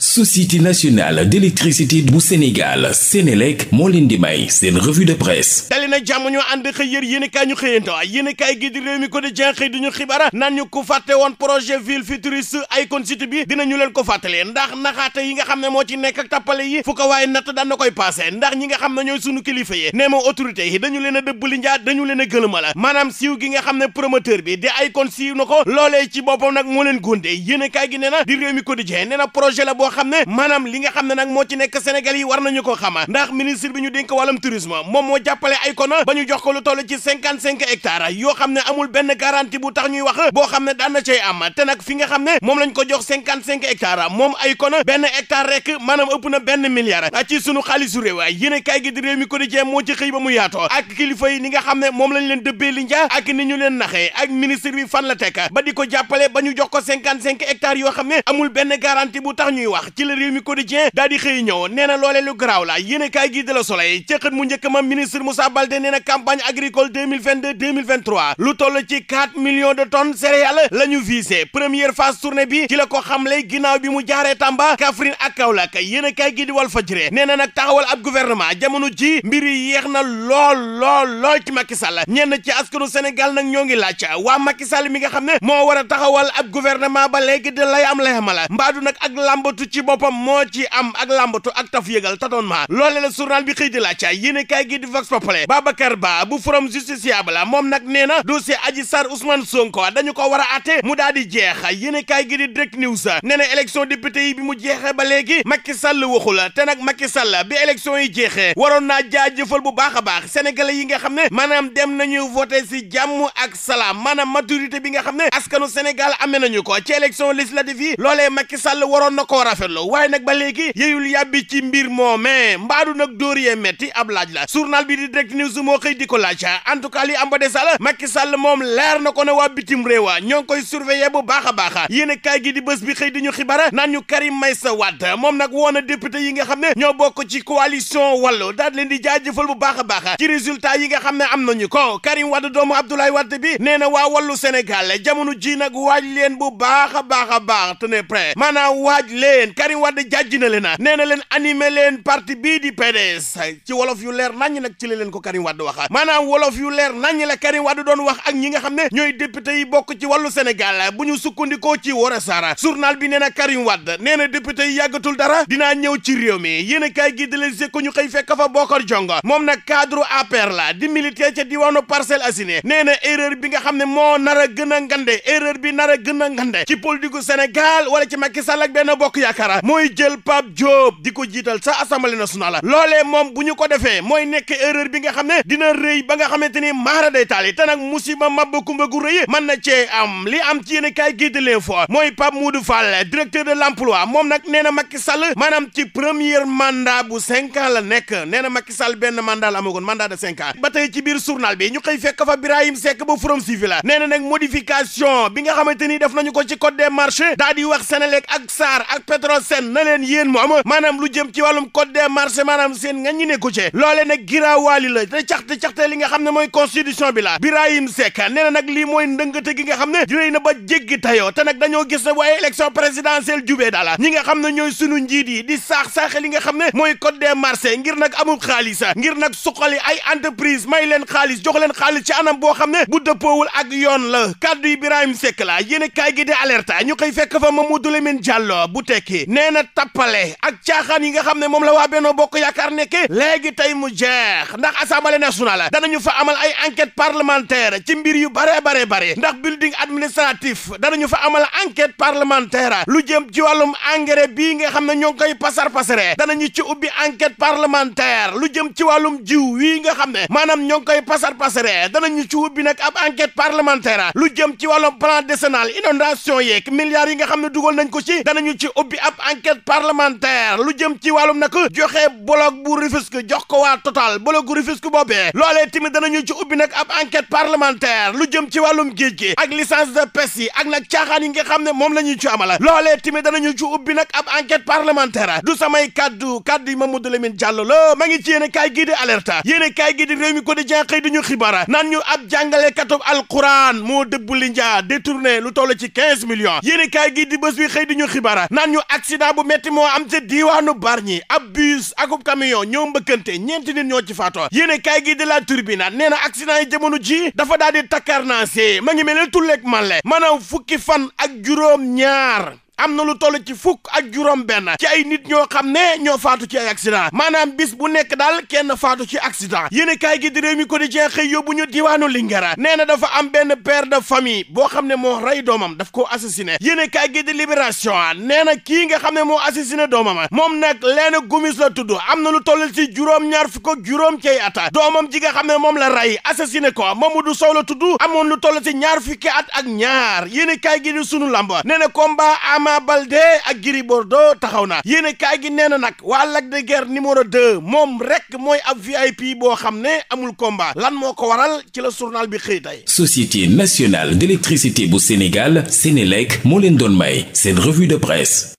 société nationale d'électricité bu Sénégal Sénélec moo leen di may seen revue de presse dali na jàmm ñu ànd xëy yër yéenekaay ñu xëyanto yéenekaay gi di réew mi ko di jenxëy di ñu xibara naan ñu ko fàtte woon projet ville futuriste Icon City bi dinañu leen ko fàttalee ndax naxaate yi nga xam ne moo ci nekk ak tappale yi fu ko waaye natt daan na koy passé ndax ñi nga xam ne ñooy sunu kilifa yi nee ma autorité yi dañu leen a dëbbali njaa leen a gëlëma la maanaam siiw gi nga xam ne bi di Icon siiw na ko loolee ci moo leen gónde yéenekaay gi nee boo xam ne maanaam li nga xam ne nag moo ci nekk Sénégal yi war nañu ko xama ndax ministre bi ñu dénk wàllum tourisme moom moo jàppale ay kona ba ñu jox ko lu toll ci cinquante yoo xam ne amul benn garantie bu tax ñuy wax boo xam ne daan na cay te nag fi nga xam ne moom lañ ko jox cinquante cinq hectares moom ay kona benn hectare rek maanaam ëpp na benn milliard ci sunu xaalisu réew yéene kaay gi di réew mi moo ci xëy ba mu yaatoo yi ni nga xam ne moom lañ leen dëbbee li njaa ak ñu leen naxee ak ministre la teg ba di ko jàppale ba ñu jox ko cinquante cinq hectares yoo xam ne amul benn garantie bu tax ñuy wax wax ci la réew mi quotidien daal di xëy ñëw nee na loolee lu garaaw la yéene kaay gi de la Soleil ca mu njëkk ma ministre Moussa Baldé nee na campagne agricole 2022 2023 lu toll ci 4 millions de tonnes céréales la ñu visé première phase tournée bi ci la ko xamle ginnaaw bi mu jaaree Tamba Kaffrine ak Kaolack yéene kaay gi di Walf Fadjri nee na nag taxawal ab gouvernement jamono ji mbir yi na lool lool lool ci Macky Sall ñenn ci askanu Sénégal nag ñoo ngi laaj waa Macky Sall mi nga xam ne moo war a taxawal ab gouvernement ba léegi de lay am ci boppam moo ci am ak làmbatu ak taf yëgal tâtonnement loole la journal bi xëy di laaj yéen kaay gi di Vox Populi Babacar Ba bu forum justiciable moom nag nee na dossier Adji Sarr Ousmane Sonko dañu ko war a àtte mu daal di jeex yéen kaay gi di Direct News nee na élection député yi bi mu jeexee ba léegi Macky Sall waxul te nag Macky Sall bi élection yi jeexee waroon naa jaajëfal bu baax a baax sénégalais yi nga xam ne maanaam dem nañu voté si jàmm ak salaam maanaam maturité bi nga xam ne askanu Sénégal amee nañu ko ci élection législative yi loolee Macky Sall waroon na ko war rafetloo waaye nag ba léegi yeyul yàbbi ci mbir moomee mbaadu nag dóor yee metti ab laaj la journal bi di direct news moo xëy di ko laaj ah en tout cas li am ba de sàll Sall moom leer na ko ne waa bitim réewa ah ñoo ngi koy surveiller bu baax a baax ah yéen a kaay gi di bés bi xëy di ñu xibara naan ñu Karim Meïssa Wade moom nag woon na député yi nga xam ne ñoo bokk ci coalition Wallu daal leen di jaaj jaajëfal bu baax a baax ci résultat yi nga xam ne am nañu ko Karim Wade doomu Abdoulaye Wade bi nee na waa Wallu Sénégal jamono ji nag waaj leen bu baax baax a baax tenez prêt yéen Karim Wade jàjji na leen a nee na leen animé leen parti bii di PDS ci wolof yu leer naññ nag ci la leen ko Karim Wade waxa maanaam wolof yu leer naññ la Karim Wade doon wax ak ñi nga xam ne ñooy député yi bokk ci wàllu Sénégal bu ñu sukkandikoo ci Woré Sarr journal bi nee na Karim Wade nee na député yi yàggatul dara dinaa ñëw ci réew mi yéen a kaay gi di leen seko ñu xëy fekk fa Bokar Jongo moom na cadre APR la di militaire ca diwaanu Parcelles Assainies nee na bi nga xam ne moo nar gën a ngande erreur nar a gën a ngande ci politique Sénégal wala ci Macky Sall ak benn bokk yaakaar mooy jël Pape Diop di ko jiital sa assemblée nationale loolee moom bu ñu ko defee mooy nekk erreur bi nga xam ne dina rëy ba nga xamante ni maara day taali te nag musiba mabba kumba gu rëy man na cee am li am ci yéen kaay gii di l'info mooy Pape Moudou Fall directeur de l'emploi moom nag nee na Macky Sall maanaam ci premier mandat bu cinq ans la nekk nee na Macky Sall benn mandat la amagoon mandat de cinq ans ba tey ci biir journal bi ñu xëy fekk fa Birahim Seck ba Forum Civil la nee na nag modification bi nga xamante ni def nañu ko ci code des marchés Petrosen na leen yéen moom maanaam lu jëm ci wàllum code des marchés seen nga ñi nekku ci loole nag giraawaali la te caxte li nga xam ne mooy constitution bi la Birahim Seck nee nag lii mooy ndëngate gi nga xam ne juree na ba jéggi tayoo te nag dañoo gis ne waaye élection présidentielle jubee daala ñi nga xam ne ñooy sunu njiit yi di saax-saaxe li nga xam ne mooy code des marchés ngir nag amul xaalis ngir nag suqali ay entreprise may leen xaalis jox leen xaalis ci anam boo xam ne bu dëppoowul ak yoon la kàddu yi Birahim Seck la yéen kaay gi di alerte ñu koy fekk fa Mamadou Lamine Diallo bu tekk Macky nee na tappale ak caaxaan yi nga xam ne moom la waa Benno Bokk Yaakaar nekke léegi tey mu jeex ndax assemblée nationale danañu fa amal ay enquête parlementaire ci mbir yu bare bare bare ndax building administratif danañu fa amal enquête parlementaire lu jëm ci wàllum engrais bii nga xam ne ñoo koy pasar pasare danañu ci ubbi enquête parlementaire lu jëm ci wàllum jiw wii nga xam ne maanaam ñoo koy pasar pasare danañu ci ubbi nag ab enquête parlementaire lu jëm ci wàllum plan décennal inondation yeeg milliards yi nga xam ne dugal nañ ko ci ubbi ab enquête parlementaire lu jëm ci wàllum nag joxe bloc bu Rufisque jox ko waa Total bloc bu Rufisque boobee loolee dana ñu ci ubbi nag ab enquête parlementaire lu jëm ci wàllum géej gi ak licence de pêche yi ak nag caaxaan yi nga xam ne moom la ñu ci amala loolee tamit danañu ci ubbi nag ab enquête parlementaire du samay kaddu kaddu yi Mamadou Lamine Diallo la ma ngi ci yéen a kaay gii di alerte yéen a kaay gii di réew mi quotidien xëy di ñu xibaar naan ñu ab jàngalekatub alquran moo dëbb li njaa détourné lu toll ci quinze millions yéen a kaay gii di bés ñu xibaar naan ñu accident bu métti moo am ca diiwaanu Bargny ab bus akub camion ñoo mbëkkante ñeenti nit ñoo ci faatoo yéene kaay gi de la Tribune nee na accident yi jamono ji dafa daal di takkarnaase ma ngi mel ne tulleeg màlle maanaam fukki fan ak juróom ñaar am na lu toll ci fukk ak juróom-benn ci ay nit ñoo xam ne ñoo faatu ci ay maanaam bis bu nekk daal kenn faatu ci accident yéen kaay gi di réew mi quotidien xëy yóbbu ñu diwaanu Linguère nee na dafa am benn père de famille boo xam ne moo rey doomam daf ko assassiné yéen kaay gi di libération nee na kii nga xam ne moo assassiné doomam moom nag Léna Gomis la tudd am na lu toll ci juróom-ñaar fukk ak juróom cay ata doomam ji nga xam ne moom la rey assassiné ko Mamadou Sow la tudd amoon lu toll ci ñaar fukki at ak ñaar yéen kaay gi di sunu lamba nee na combat am Ama Baldé ak Gris doo taxaw na yéen kaay gi nee na nag waa Lac de Guerre numéro 2 moom rek mooy ay VIP boo xam ne amul combat lan moo ko waral ci la journal bi xëy tey. Société nationale d'électricité bu Sénégal Sénélec moo leen doon may seen revue de presse.